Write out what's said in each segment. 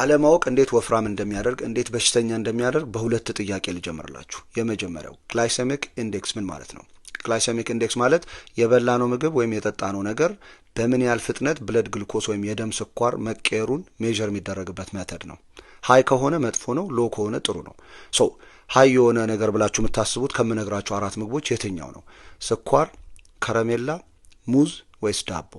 አለማወቅ እንዴት ወፍራም እንደሚያደርግ እንዴት በሽተኛ እንደሚያደርግ በሁለት ጥያቄ ልጀምርላችሁ። የመጀመሪያው ግላይሰሚክ ኢንዴክስ ምን ማለት ነው? ግላይሰሚክ ኢንዴክስ ማለት የበላነው ምግብ ወይም የጠጣነው ነገር በምን ያህል ፍጥነት ብለድ ግልኮስ ወይም የደም ስኳር መቀየሩን ሜዥር የሚደረግበት መተድ ነው። ሀይ ከሆነ መጥፎ ነው፣ ሎ ከሆነ ጥሩ ነው። ሶ ሀይ የሆነ ነገር ብላችሁ የምታስቡት ከምነግራችሁ አራት ምግቦች የትኛው ነው? ስኳር፣ ከረሜላ፣ ሙዝ ወይስ ዳቦ?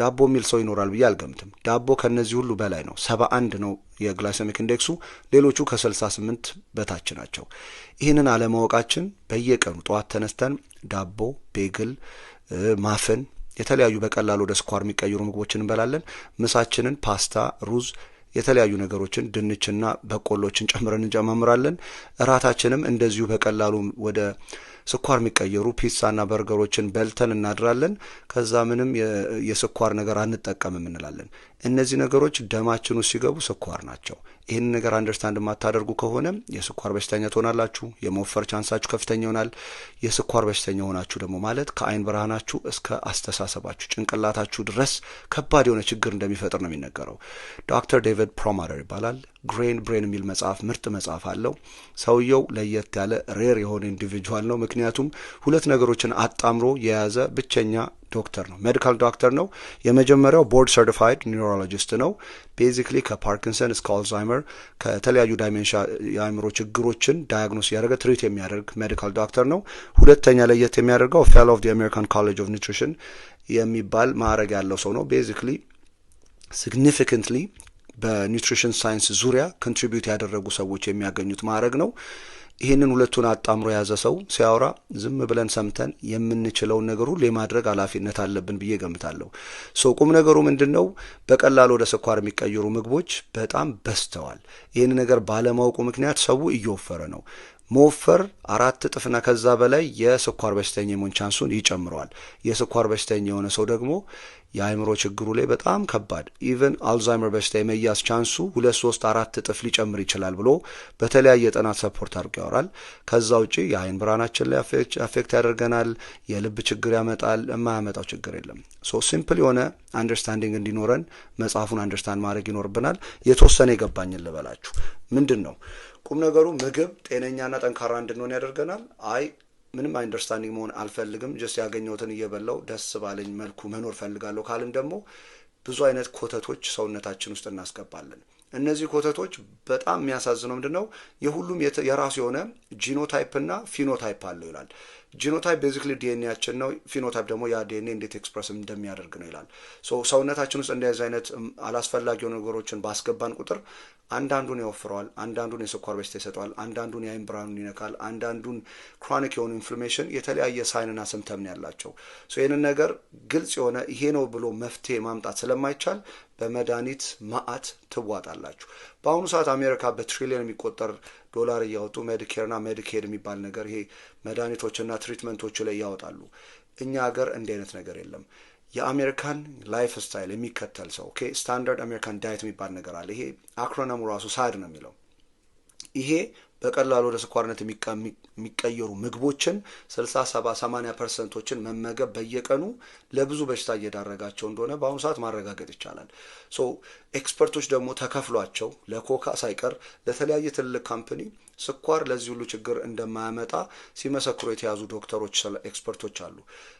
ዳቦ የሚል ሰው ይኖራል ብዬ አልገምትም። ዳቦ ከነዚህ ሁሉ በላይ ነው። ሰባ አንድ ነው የግላይሰሚክ ኢንዴክሱ፣ ሌሎቹ ከ ስምንት በታች ናቸው። ይህንን አለማወቃችን በየቀኑ ጠዋት ተነስተን ዳቦ፣ ቤግል፣ ማፍን የተለያዩ በቀላሉ ወደ ስኳር የሚቀይሩ ምግቦችን እንበላለን። ምሳችንን ፓስታ፣ ሩዝ የተለያዩ ነገሮችን ድንችና በቆሎችን ጨምረን እንጨማምራለን። እራታችንም እንደዚሁ በቀላሉ ወደ ስኳር የሚቀየሩ ፒሳና በርገሮችን በልተን እናድራለን። ከዛ ምንም የስኳር ነገር አንጠቀምም እንላለን። እነዚህ ነገሮች ደማችን ውስጥ ሲገቡ ስኳር ናቸው። ይህን ነገር አንደርስታንድ የማታደርጉ ከሆነ የስኳር በሽተኛ ትሆናላችሁ። የመወፈር ቻንሳችሁ ከፍተኛ ይሆናል። የስኳር በሽተኛ ሆናችሁ ደግሞ ማለት ከአይን ብርሃናችሁ እስከ አስተሳሰባችሁ ጭንቅላታችሁ ድረስ ከባድ የሆነ ችግር እንደሚፈጥር ነው የሚነገረው ዶክተር ዴቪድ ዴቪድ ፕሮማደር ይባላል። ግሬን ብሬን የሚል መጽሐፍ ምርጥ መጽሐፍ አለው። ሰውየው ለየት ያለ ሬር የሆነ ኢንዲቪጁዋል ነው። ምክንያቱም ሁለት ነገሮችን አጣምሮ የያዘ ብቸኛ ዶክተር ነው። ሜዲካል ዶክተር ነው። የመጀመሪያው ቦርድ ሰርቲፋይድ ኒውሮሎጂስት ነው። ቤዚክሊ ከፓርኪንሰን እስከ አልዛይመር ከተለያዩ ዳይሜንሻ የአእምሮ ችግሮችን ዳያግኖስ እያደረገ ትሪት የሚያደርግ ሜዲካል ዶክተር ነው። ሁለተኛ ለየት የሚያደርገው ፌሎ ኦፍ አሜሪካን ኮሌጅ ኦፍ ኒትሪሽን የሚባል ማዕረግ ያለው ሰው ነው። ቤዚክሊ ሲግኒፊካንትሊ በኒውትሪሽን ሳይንስ ዙሪያ ኮንትሪቢዩት ያደረጉ ሰዎች የሚያገኙት ማዕረግ ነው። ይህንን ሁለቱን አጣምሮ የያዘ ሰው ሲያወራ ዝም ብለን ሰምተን የምንችለውን ነገር ሁሉ የማድረግ ኃላፊነት አለብን ብዬ ገምታለሁ። ሰው ቁም ነገሩ ምንድን ነው? በቀላሉ ወደ ስኳር የሚቀየሩ ምግቦች በጣም በዝተዋል። ይህን ነገር ባለማወቁ ምክንያት ሰው እየወፈረ ነው። መወፈር አራት እጥፍና ከዛ በላይ የስኳር በሽተኛ የመሆን ቻንሱን ይጨምረዋል። የስኳር በሽተኛ የሆነ ሰው ደግሞ የአእምሮ ችግሩ ላይ በጣም ከባድ ኢቨን አልዛይመር በሽታ የመያዝ ቻንሱ ሁለት ሶስት አራት እጥፍ ሊጨምር ይችላል ብሎ በተለያየ ጥናት ሰፖርት አድርጎ ያወራል። ከዛ ውጭ የአይን ብርሃናችን ላይ አፌክት ያደርገናል፣ የልብ ችግር ያመጣል። የማያመጣው ችግር የለም። ሶ ሲምፕል የሆነ አንደርስታንዲንግ እንዲኖረን መጽሐፉን አንደርስታንድ ማድረግ ይኖርብናል። የተወሰነ የገባኝን ልበላችሁ ምንድን ነው ቁም ነገሩ ምግብ ጤነኛና ጠንካራ እንድንሆን ያደርገናል። አይ ምንም አንደርስታንዲንግ መሆን አልፈልግም፣ ጀስት ያገኘሁትን እየበላው ደስ ባለኝ መልኩ መኖር ፈልጋለሁ ካልን ደግሞ ብዙ አይነት ኮተቶች ሰውነታችን ውስጥ እናስገባለን። እነዚህ ኮተቶች በጣም የሚያሳዝነው ምንድን ነው የሁሉም የራሱ የሆነ ጂኖታይፕ እና ፊኖታይፕ አለው ይላል። ጂኖታይፕ ቤዚክሊ ዲኤንኤያችን ነው። ፊኖታይፕ ደግሞ ያ ዲኤንኤ እንዴት ኤክስፕረስ እንደሚያደርግ ነው ይላል። ሰውነታችን ውስጥ እንደዚህ አይነት አላስፈላጊ ነገሮችን ባስገባን ቁጥር አንዳንዱን ያወፍረዋል፣ አንዳንዱን የስኳር በሽታ ይሰጠዋል፣ አንዳንዱን የአይን ብርሃኑን ይነካል፣ አንዳንዱን ክሮኒክ የሆኑ ኢንፍላሜሽን፣ የተለያየ ሳይንና ስምተም ነው ያላቸው። ይህንን ነገር ግልጽ የሆነ ይሄ ነው ብሎ መፍትሄ ማምጣት ስለማይቻል በመድኃኒት ማአት ትዋጣላችሁ። በአሁኑ ሰዓት አሜሪካ በትሪሊዮን የሚቆጠር ዶላር እያወጡ ሜዲኬርና ሜዲኬድ የሚባል ነገር ይሄ መድኃኒቶችና ትሪትመንቶቹ ላይ እያወጣሉ። እኛ ሀገር እንዲህ አይነት ነገር የለም። የአሜሪካን ላይፍ ስታይል የሚከተል ሰው ኦኬ፣ ስታንዳርድ አሜሪካን ዳይት የሚባል ነገር አለ። ይሄ አክሮነሙ ራሱ ሳድ ነው የሚለው። ይሄ በቀላሉ ወደ ስኳርነት የሚቀየሩ ምግቦችን 60፣ 70፣ 80 ፐርሰንቶችን መመገብ በየቀኑ ለብዙ በሽታ እየዳረጋቸው እንደሆነ በአሁኑ ሰዓት ማረጋገጥ ይቻላል። ሶ ኤክስፐርቶች ደግሞ ተከፍሏቸው ለኮካ ሳይቀር ለተለያየ ትልልቅ ካምፕኒ ስኳር ለዚህ ሁሉ ችግር እንደማያመጣ ሲመሰክሩ የተያዙ ዶክተሮች፣ ኤክስፐርቶች አሉ።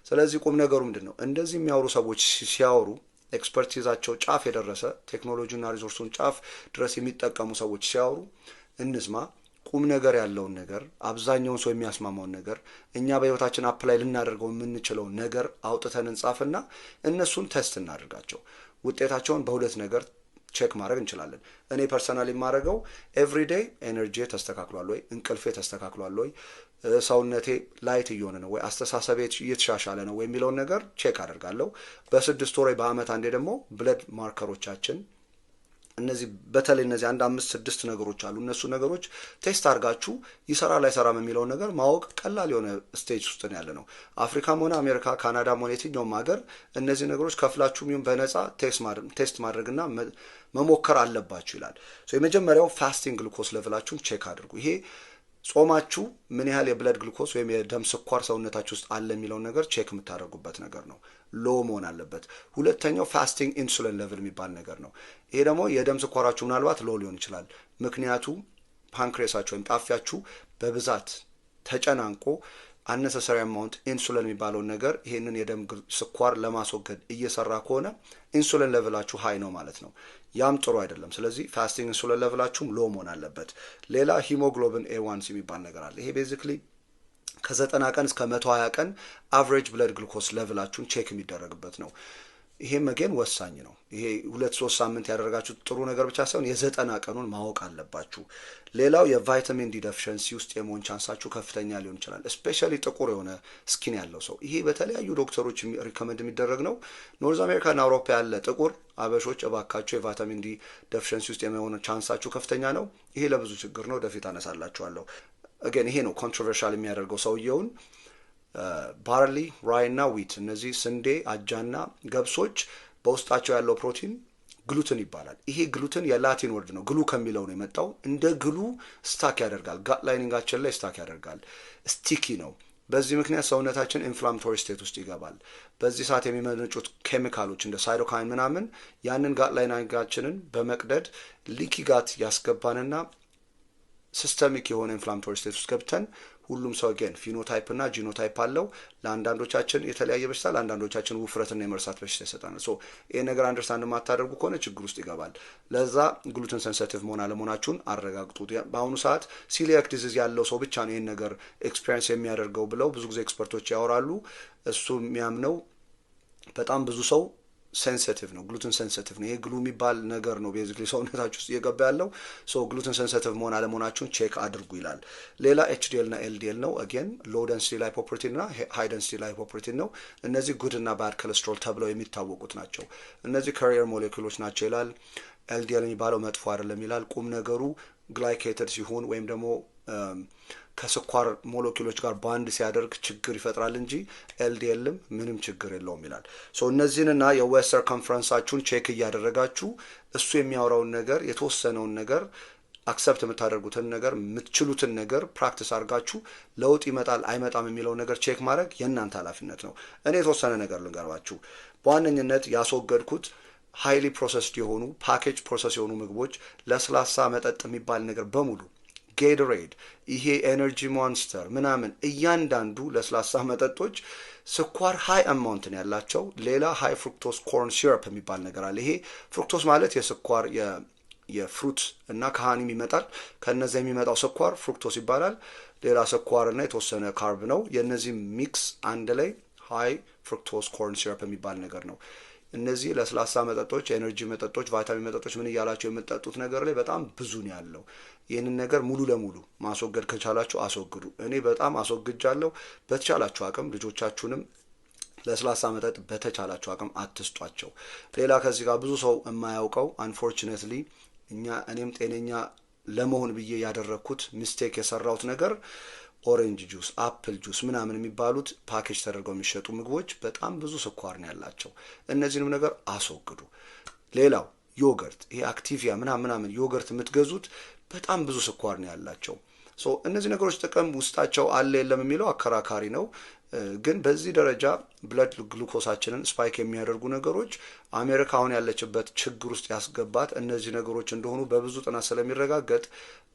ስለዚህ ቁም ነገሩ ምንድን ነው? እንደዚህ የሚያወሩ ሰዎች ሲያወሩ ኤክስፐርቲዛቸው ጫፍ የደረሰ ቴክኖሎጂና ሪሶርሱን ጫፍ ድረስ የሚጠቀሙ ሰዎች ሲያወሩ እንስማ። ቁም ነገር ያለውን ነገር አብዛኛውን ሰው የሚያስማማውን ነገር እኛ በህይወታችን አፕላይ ልናደርገው የምንችለው ነገር አውጥተን እንጻፍና እነሱን ቴስት እናደርጋቸው። ውጤታቸውን በሁለት ነገር ቼክ ማድረግ እንችላለን። እኔ ፐርሰናል የማደርገው ኤቭሪዴይ ኤነርጂ ተስተካክሏል ወይ፣ እንቅልፌ ተስተካክሏል ወይ፣ ሰውነቴ ላይት እየሆነ ነው ወይ፣ አስተሳሰቤ እየተሻሻለ ነው ወይ የሚለውን ነገር ቼክ አደርጋለሁ። በስድስት ወር በአመት አንዴ ደግሞ ብለድ ማርከሮቻችን እነዚህ በተለይ እነዚህ አንድ አምስት ስድስት ነገሮች አሉ። እነሱ ነገሮች ቴስት አድርጋችሁ ይሰራ አይሰራም የሚለውን ነገር ማወቅ ቀላል የሆነ ስቴጅ ውስጥ ያለ ነው። አፍሪካም ሆነ አሜሪካ፣ ካናዳም ሆነ የትኛውም ሀገር እነዚህ ነገሮች ከፍላችሁም ይሁን በነፃ ቴስት ማድረግና መሞከር አለባችሁ ይላል። የመጀመሪያው ፋስቲንግ ግሉኮስ ለቭላችሁን ቼክ አድርጉ። ይሄ ጾማችሁ ምን ያህል የብለድ ግሉኮስ ወይም የደም ስኳር ሰውነታችሁ ውስጥ አለ የሚለውን ነገር ቼክ የምታደርጉበት ነገር ነው። ሎ መሆን አለበት። ሁለተኛው ፋስቲንግ ኢንሱሊን ሌቭል የሚባል ነገር ነው። ይሄ ደግሞ የደም ስኳራችሁ ምናልባት ሎ ሊሆን ይችላል። ምክንያቱ ፓንክሬሳችሁ ወይም ጣፊያችሁ በብዛት ተጨናንቆ አነሰሰሪ አማውንት ኢንሱለን የሚባለውን ነገር ይህንን የደም ስኳር ለማስወገድ እየሰራ ከሆነ ኢንሱለን ለብላችሁ ሀይ ነው ማለት ነው። ያም ጥሩ አይደለም። ስለዚህ ፋስቲንግ ኢንሱለን ለብላችሁም ሎ መሆን አለበት። ሌላ ሂሞግሎብን ኤዋንስ የሚባል ነገር አለ። ይሄ ቤዚክሊ ከዘጠና ቀን እስከ መቶ ሀያ ቀን አቨሬጅ ብለድ ግሉኮስ ለብላችሁን ቼክ የሚደረግበት ነው። ይሄ መገን ወሳኝ ነው። ይሄ ሁለት ሶስት ሳምንት ያደረጋችሁት ጥሩ ነገር ብቻ ሳይሆን የዘጠና ቀኑን ማወቅ አለባችሁ። ሌላው የቫይታሚን ዲ ደፍሸንሲ ውስጥ የመሆን ቻንሳችሁ ከፍተኛ ሊሆን ይችላል። ስፔሻሊ ጥቁር የሆነ ስኪን ያለው ሰው ይሄ በተለያዩ ዶክተሮች ሪኮመንድ የሚደረግ ነው። ኖርዝ አሜሪካና አውሮፓ ያለ ጥቁር አበሾች እባካችሁ የቫይታሚን ዲ ደፍሸንሲ ውስጥ የመሆን ቻንሳችሁ ከፍተኛ ነው። ይሄ ለብዙ ችግር ነው። ወደፊት አነሳላችኋለሁ። ግን ይሄ ነው ኮንትሮቨርሻል የሚያደርገው ሰውየውን ባርሊ፣ ራይና ዊት እነዚህ ስንዴ፣ አጃና ገብሶች በውስጣቸው ያለው ፕሮቲን ግሉትን ይባላል። ይሄ ግሉትን የላቲን ወርድ ነው፣ ግሉ ከሚለው ነው የመጣው። እንደ ግሉ ስታክ ያደርጋል፣ ጋት ላይኒንጋችን ላይ ስታክ ያደርጋል። ስቲኪ ነው። በዚህ ምክንያት ሰውነታችን ኢንፍላማቶሪ ስቴት ውስጥ ይገባል። በዚህ ሰዓት የሚመነጩት ኬሚካሎች እንደ ሳይቶካይን ምናምን ያንን ጋት ላይኒንጋችንን በመቅደድ ሊኪ ጋት ያስገባንና ሲስተሚክ የሆነ ኢንፍላማቶሪ ስቴት ውስጥ ገብተን ሁሉም ሰው ገን ፊኖታይፕ እና ጂኖታይፕ አለው። ለአንዳንዶቻችን የተለያየ በሽታ፣ ለአንዳንዶቻችን ውፍረትና የመርሳት በሽታ ይሰጣል። ሶ ይህ ነገር አንደርስታንድ የማታደርጉ ከሆነ ችግር ውስጥ ይገባል። ለዛ ግሉትን ሰንሰቲቭ መሆን አለመሆናችሁን አረጋግጡ። በአሁኑ ሰዓት ሲሊያክ ዲዚዝ ያለው ሰው ብቻ ነው ይህን ነገር ኤክስፔሪንስ የሚያደርገው ብለው ብዙ ጊዜ ኤክስፐርቶች ያወራሉ። እሱ የሚያምነው በጣም ብዙ ሰው ሴንሲቲቭ ነው፣ ግሉትን ሴንሲቲቭ ነው። ይሄ ግሉ የሚባል ነገር ነው ቤዚክሊ ሰውነታችሁ ውስጥ እየገባ ያለው። ሶ ግሉትን ሴንሲቲቭ መሆን አለመሆናችሁን ቼክ አድርጉ ይላል። ሌላ ኤችዲኤል እና ኤልዲኤል ነው። አጌን ሎ ደንስቲ ላይፖፕሮቲን እና ሃይ ደንስቲ ላይፖፕሮቲን ነው። እነዚህ ጉድ ና ባድ ኮሌስትሮል ተብለው የሚታወቁት ናቸው። እነዚህ ካሪየር ሞሌኪሎች ናቸው ይላል። ኤልዲኤል የሚባለው መጥፎ አይደለም ይላል። ቁም ነገሩ ግላይኬትድ ሲሆን ወይም ደግሞ ከስኳር ሞለኪሎች ጋር ባንድ ሲያደርግ ችግር ይፈጥራል እንጂ ኤልዲኤልም ምንም ችግር የለውም ይላል። ሶ እነዚህንና የዌስተር ኮንፈረንሳችሁን ቼክ እያደረጋችሁ እሱ የሚያወራውን ነገር የተወሰነውን ነገር አክሰፕት የምታደርጉትን ነገር የምትችሉትን ነገር ፕራክቲስ አድርጋችሁ ለውጥ ይመጣል አይመጣም የሚለውን ነገር ቼክ ማድረግ የእናንተ ኃላፊነት ነው። እኔ የተወሰነ ነገር ልንገርባችሁ። በዋነኝነት ያስወገድኩት ሃይሊ ፕሮሰስድ የሆኑ ፓኬጅ ፕሮሰስ የሆኑ ምግቦች፣ ለስላሳ መጠጥ የሚባል ነገር በሙሉ ጌቶሬድ፣ ይሄ ኤነርጂ ሞንስተር ምናምን እያንዳንዱ ለስላሳ መጠጦች ስኳር ሃይ አማውንትን ያላቸው ሌላ ሀይ ፍሩክቶስ ኮርን ሲረፕ የሚባል ነገር አለ። ይሄ ፍሩክቶስ ማለት የስኳር የፍሩት እና ከሀኒም ይመጣል። ከነዚያ የሚመጣው ስኳር ፍሩክቶስ ይባላል። ሌላ ስኳር እና የተወሰነ ካርብ ነው። የእነዚህ ሚክስ አንድ ላይ ሀይ ፍሩክቶስ ኮርን ሲረፕ የሚባል ነገር ነው። እነዚህ ለስላሳ መጠጦች፣ ኤነርጂ መጠጦች፣ ቫይታሚን መጠጦች ምን እያላቸው የምጠጡት ነገር ላይ በጣም ብዙ ነው ያለው። ይህንን ነገር ሙሉ ለሙሉ ማስወገድ ከቻላችሁ አስወግዱ። እኔ በጣም አስወግጃለሁ። በተቻላችሁ አቅም ልጆቻችሁንም ለስላሳ መጠጥ በተቻላቸው አቅም አትስጧቸው። ሌላ ከዚህ ጋር ብዙ ሰው የማያውቀው አንፎርችነትሊ እኛ እኔም ጤነኛ ለመሆን ብዬ ያደረግኩት ሚስቴክ የሰራሁት ነገር ኦሬንጅ ጁስ፣ አፕል ጁስ ምናምን የሚባሉት ፓኬጅ ተደርገው የሚሸጡ ምግቦች በጣም ብዙ ስኳር ነው ያላቸው። እነዚህንም ነገር አስወግዱ። ሌላው ዮገርት፣ ይሄ አክቲቪያ ምናምን ምናምን ዮገርት የምትገዙት በጣም ብዙ ስኳር ነው ያላቸው። እነዚህ ነገሮች ጥቅም ውስጣቸው አለ የለም የሚለው አከራካሪ ነው። ግን በዚህ ደረጃ ብለድ ግሉኮሳችንን ስፓይክ የሚያደርጉ ነገሮች አሜሪካ አሁን ያለችበት ችግር ውስጥ ያስገባት እነዚህ ነገሮች እንደሆኑ በብዙ ጥናት ስለሚረጋገጥ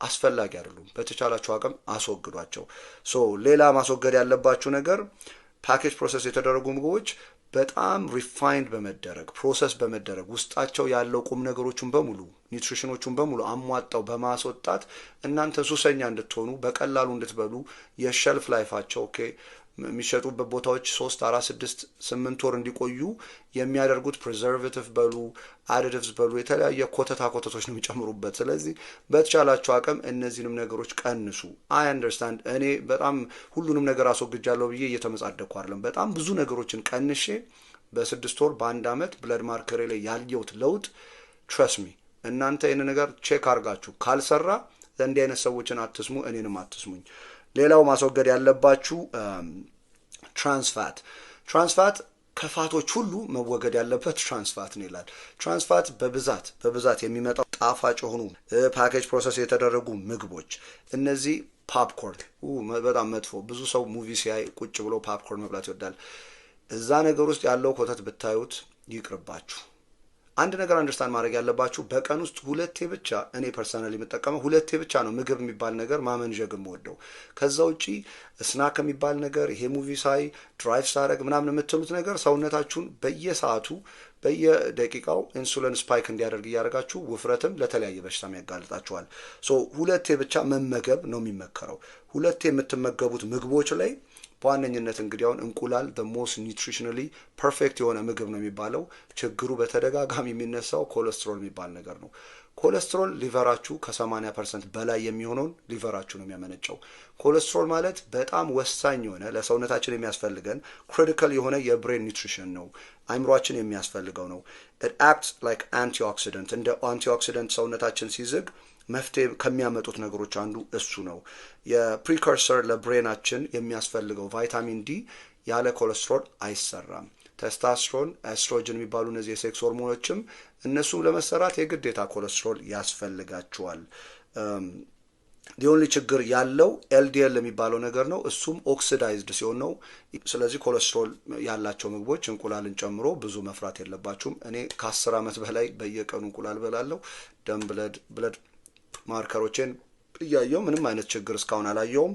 አስፈላጊ አይደሉም። በተቻላቸው አቅም አስወግዷቸው። ሶ ሌላ ማስወገድ ያለባቸው ነገር ፓኬጅ ፕሮሰስ የተደረጉ ምግቦች በጣም ሪፋይንድ በመደረግ ፕሮሰስ በመደረግ ውስጣቸው ያለው ቁም ነገሮቹን በሙሉ ኒትሪሽኖቹን በሙሉ አሟጣው በማስወጣት እናንተ ሱሰኛ እንድትሆኑ በቀላሉ እንድትበሉ የሸልፍ ላይፋቸው ኦኬ የሚሸጡበት ቦታዎች ሶስት አራት ስድስት ስምንት ወር እንዲቆዩ የሚያደርጉት ፕሪዘርቬቲቭ በሉ አዲቲቭስ በሉ የተለያየ ኮተታ ኮተቶች ነው የሚጨምሩበት። ስለዚህ በተቻላቸው አቅም እነዚህንም ነገሮች ቀንሱ። አይ አንደርስታንድ እኔ በጣም ሁሉንም ነገር አስወግጃለሁ ብዬ እየተመጻደኩ አይደለም። በጣም ብዙ ነገሮችን ቀንሼ በስድስት ወር በአንድ አመት ብለድ ማርከሬ ላይ ያየሁት ለውጥ ትረስሚ እናንተ ይህን ነገር ቼክ አርጋችሁ ካልሰራ እንዲህ አይነት ሰዎችን አትስሙ፣ እኔንም አትስሙኝ። ሌላው ማስወገድ ያለባችሁ ትራንስፋት ትራንስፋት ከፋቶች ሁሉ መወገድ ያለበት ትራንስፋት ነው ይላል። ትራንስፋት በብዛት በብዛት የሚመጣው ጣፋጭ የሆኑ ፓኬጅ ፕሮሰስ የተደረጉ ምግቦች እነዚህ ፓፕኮርን በጣም መጥፎ። ብዙ ሰው ሙቪ ሲያይ ቁጭ ብሎ ፓፕኮርን መብላት ይወዳል። እዛ ነገር ውስጥ ያለው ኮተት ብታዩት ይቅርባችሁ። አንድ ነገር አንደርስታንድ ማድረግ ያለባችሁ በቀን ውስጥ ሁለቴ ብቻ እኔ ፐርሰናል የምጠቀመው ሁለቴ ብቻ ነው ምግብ የሚባል ነገር ማመንዠግ የምወደው። ከዛ ውጪ ስናክ የሚባል ነገር ይሄ ሙቪ ሳይ ድራይቭ ሳረግ ምናምን የምትሉት ነገር ሰውነታችሁን በየሰዓቱ በየደቂቃው ኢንሱለን ስፓይክ እንዲያደርግ እያደረጋችሁ ውፍረትም ለተለያየ በሽታም ያጋልጣችኋል። ሶ ሁለቴ ብቻ መመገብ ነው የሚመከረው። ሁለቴ የምትመገቡት ምግቦች ላይ በዋነኝነት እንግዲህ አሁን እንቁላል the most nutritionally perfect የሆነ ምግብ ነው የሚባለው። ችግሩ በተደጋጋሚ የሚነሳው ኮሌስትሮል የሚባል ነገር ነው። ኮሌስትሮል ሊቨራችሁ ከ80 ፐርሰንት በላይ የሚሆነውን ሊቨራችሁ ነው የሚያመነጨው። ኮሌስትሮል ማለት በጣም ወሳኝ የሆነ ለሰውነታችን የሚያስፈልገን ክሪቲካል የሆነ የብሬን ኒትሪሽን ነው። አይምሯችን የሚያስፈልገው ነው። ኢት አክትስ ላይክ አንቲኦክሲደንት እንደ አንቲኦክሲደንት ሰውነታችን ሲዝግ መፍትሄ ከሚያመጡት ነገሮች አንዱ እሱ ነው። የፕሪከርሰር ለብሬናችን የሚያስፈልገው ቫይታሚን ዲ ያለ ኮለስትሮል አይሰራም። ቴስታስትሮን፣ ኤስትሮጅን የሚባሉ እነዚህ የሴክስ ሆርሞኖችም እነሱም ለመሰራት የግዴታ ኮለስትሮል ያስፈልጋቸዋል። ሊሆንሊ ችግር ያለው ኤልዲኤል የሚባለው ነገር ነው። እሱም ኦክሲዳይዝድ ሲሆን ነው። ስለዚህ ኮለስትሮል ያላቸው ምግቦች እንቁላልን ጨምሮ ብዙ መፍራት የለባችሁም። እኔ ከአስር ዓመት በላይ በየቀኑ እንቁላል በላለሁ። ደም ብለድ ብለድ ማርከሮችን እያየው ምንም አይነት ችግር እስካሁን አላየውም።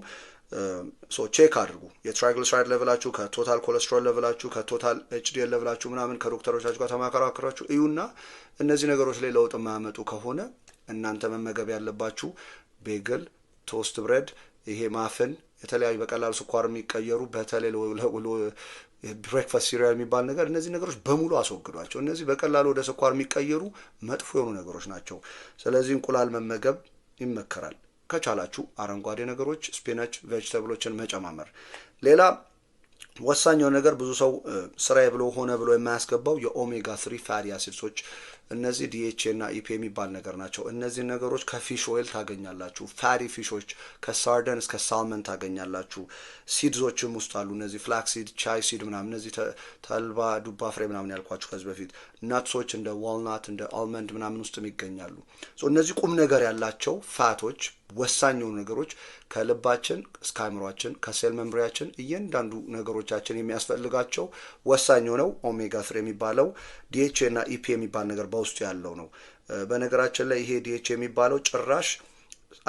ሶ ቼክ አድርጉ የትራይግሊሰራይድ ሌቭላችሁ ከቶታል ኮለስትሮል ሌቭላችሁ ከቶታል ኤችዲኤል ሌቭላችሁ ምናምን ከዶክተሮቻችሁ ጋር ተማከራከራችሁ እዩና እነዚህ ነገሮች ላይ ለውጥ የማያመጡ ከሆነ እናንተ መመገብ ያለባችሁ ቤግል፣ ቶስት ብሬድ፣ ይሄ ማፍን የተለያዩ በቀላል ስኳር የሚቀየሩ በተለይ ብሬክፋስት ሲሪያል የሚባል ነገር እነዚህ ነገሮች በሙሉ አስወግዷቸው። እነዚህ በቀላሉ ወደ ስኳር የሚቀየሩ መጥፎ የሆኑ ነገሮች ናቸው። ስለዚህ እንቁላል መመገብ ይመከራል። ከቻላችሁ አረንጓዴ ነገሮች፣ ስፒነች፣ ቬጅተብሎችን መጨማመር። ሌላ ወሳኛው ነገር ብዙ ሰው ስራዬ ብሎ ሆነ ብሎ የማያስገባው የኦሜጋ ስሪ ፋቲ አሲድሶች እነዚህ ዲኤችኤ እና ኢፒ የሚባል ነገር ናቸው። እነዚህ ነገሮች ከፊሽ ኦይል ታገኛላችሁ። ፋሪ ፊሾች ከሳርደን እስከ ሳልመን ታገኛላችሁ። ሲድዞችም ውስጥ አሉ። እነዚህ ፍላክሲድ፣ ቻይ ሲድ ምናምን እነዚህ ተልባ፣ ዱባ ፍሬ ምናምን ያልኳችሁ ከዚህ በፊት ናትሶች እንደ ዋልናት እንደ አልመንድ ምናምን ውስጥም ይገኛሉ። እነዚህ ቁም ነገር ያላቸው ፋቶች ወሳኝ የሆኑ ነገሮች ከልባችን እስከ አእምሯችን ከሴል መምሪያችን እያንዳንዱ ነገሮቻችን የሚያስፈልጋቸው ወሳኝ የሆነው ኦሜጋ ስሪ የሚባለው ዲኤችኤ እና ኢፒ የሚባል ነገር በውስጡ ያለው ነው። በነገራችን ላይ ይሄ ዲኤችኤ የሚባለው ጭራሽ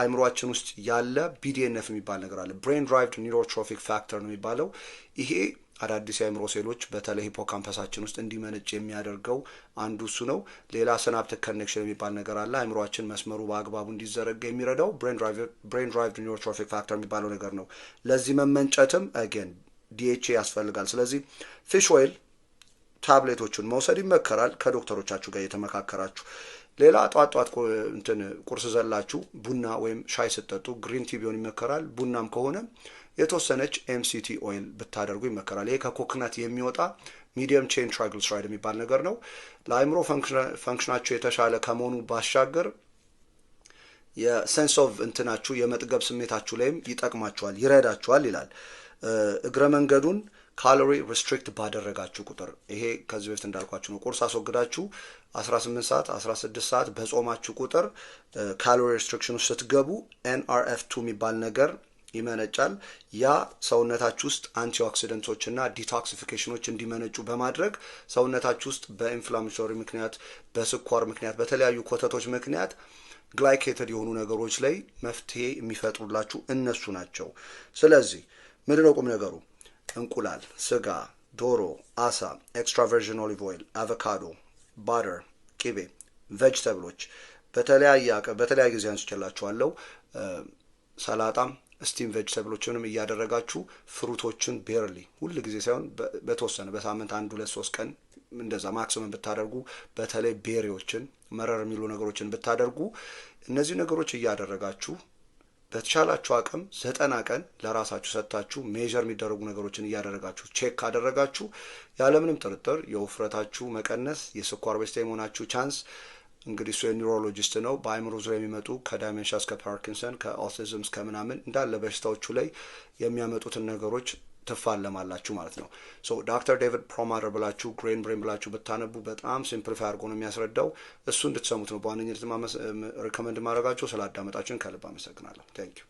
አይምሯችን ውስጥ ያለ ቢዲኤንኤፍ የሚባል ነገር አለ። ብሬን ድራይቭድ ኒውሮትሮፊክ ፋክተር ነው የሚባለው። ይሄ አዳዲስ የአይምሮ ሴሎች በተለይ ሂፖካምፐሳችን ውስጥ እንዲመነጭ የሚያደርገው አንዱ እሱ ነው። ሌላ ሰናፕቲክ ኮኔክሽን የሚባል ነገር አለ። አይምሯችን መስመሩ በአግባቡ እንዲዘረጋ የሚረዳው ብሬን ድራይቭድ ኒውሮትሮፊክ ፋክተር የሚባለው ነገር ነው። ለዚህ መመንጨትም አገን ዲኤችኤ ያስፈልጋል። ስለዚህ ፊሽ ኦይል ታብሌቶቹን መውሰድ ይመከራል። ከዶክተሮቻችሁ ጋር እየተመካከራችሁ ሌላ ጧት ጧት እንትን ቁርስ ዘላችሁ ቡና ወይም ሻይ ስጠጡ ግሪን ቲ ቢሆን ይመከራል። ቡናም ከሆነ የተወሰነች ኤምሲቲ ኦይል ብታደርጉ ይመከራል። ይሄ ከኮክናት የሚወጣ ሚዲየም ቼን ትራይግሊሰራይድ የሚባል ነገር ነው። ለአእምሮ ፈንክሽናችሁ የተሻለ ከመሆኑ ባሻገር የሴንስ ኦፍ እንትናችሁ የመጥገብ ስሜታችሁ ላይም ይጠቅማችኋል፣ ይረዳችኋል ይላል እግረ መንገዱን ካሎሪ ሪስትሪክት ባደረጋችሁ ቁጥር ይሄ ከዚህ በፊት እንዳልኳችሁ ነው። ቁርስ አስወግዳችሁ 18 ሰዓት 16 ሰዓት በጾማችሁ ቁጥር ካሎሪ ሪስትሪክሽን ውስጥ ስትገቡ ኤንአርኤፍ ቱ የሚባል ነገር ይመነጫል። ያ ሰውነታችሁ ውስጥ አንቲ ኦክሲደንቶች እና ዲቶክሲፊኬሽኖች እንዲመነጩ በማድረግ ሰውነታችሁ ውስጥ በኢንፍላሜቶሪ ምክንያት፣ በስኳር ምክንያት፣ በተለያዩ ኮተቶች ምክንያት ግላይኬትድ የሆኑ ነገሮች ላይ መፍትሄ የሚፈጥሩላችሁ እነሱ ናቸው። ስለዚህ ምንድነው ቁም ነገሩ? እንቁላል፣ ስጋ፣ ዶሮ፣ አሳ፣ ኤክስትራ ኦሊቭ ኦይል፣ አቮካዶ፣ ባተር፣ ቂቤ፣ ቬጅተብሎች በተለያየ በተለያየ ጊዜ አንስቼላችኋለሁ። ሰላጣም ስቲም ቬጅተብሎችንም እያደረጋችሁ ፍሩቶችን ቤርሊ ሁል ጊዜ ሳይሆን በተወሰነ በሳምንት አንድ ሁለት ሶስት ቀን እንደዛ ማክሲመም ብታደርጉ በተለይ ቤሪዎችን መረር የሚሉ ነገሮችን ብታደርጉ እነዚህ ነገሮች እያደረጋችሁ በተቻላችሁ አቅም ዘጠና ቀን ለራሳችሁ ሰጥታችሁ ሜዥር የሚደረጉ ነገሮችን እያደረጋችሁ ቼክ ካደረጋችሁ ያለምንም ጥርጥር የውፍረታችሁ መቀነስ፣ የስኳር በሽታ የመሆናችሁ ቻንስ እንግዲህ እሱ የኒውሮሎጂስት ነው። በአእምሮ ዙሪያ የሚመጡ ከዳይሜንሻ እስከ ፓርኪንሰን ከአውቲዝም እስከ ምናምን እንዳለ በሽታዎቹ ላይ የሚያመጡትን ነገሮች ትፋለማላችሁ ማለት ነው። ሶ ዶክተር ዴቪድ ፕሮማደር ብላችሁ ግሬን ብሬን ብላችሁ ብታነቡ በጣም ሲምፕሊፋይ አድርጎ ነው የሚያስረዳው። እሱ እንድትሰሙት ነው በዋነኝነት ሪኮመንድ ማድረጋቸው። ስላዳመጣችሁን ከልብ አመሰግናለሁ። ታንክ ዩ